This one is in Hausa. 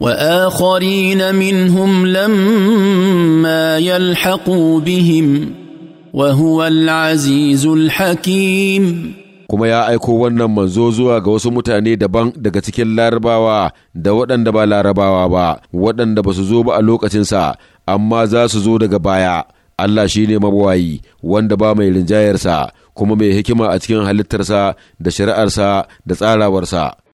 واخرين منهم لما يلحقوا بهم وهو العزيز الحكيم kuma ya aiko wannan manzo zuwa ga wasu mutane daban daga cikin larabawa da waɗanda ba larabawa ba waɗanda ba su zo ba a lokacinsa amma za su zo daga baya Allah shi ne mabawayi wanda ba mai rinjayarsa kuma mai hikima a cikin halittarsa da shari'arsa da tsarawarsa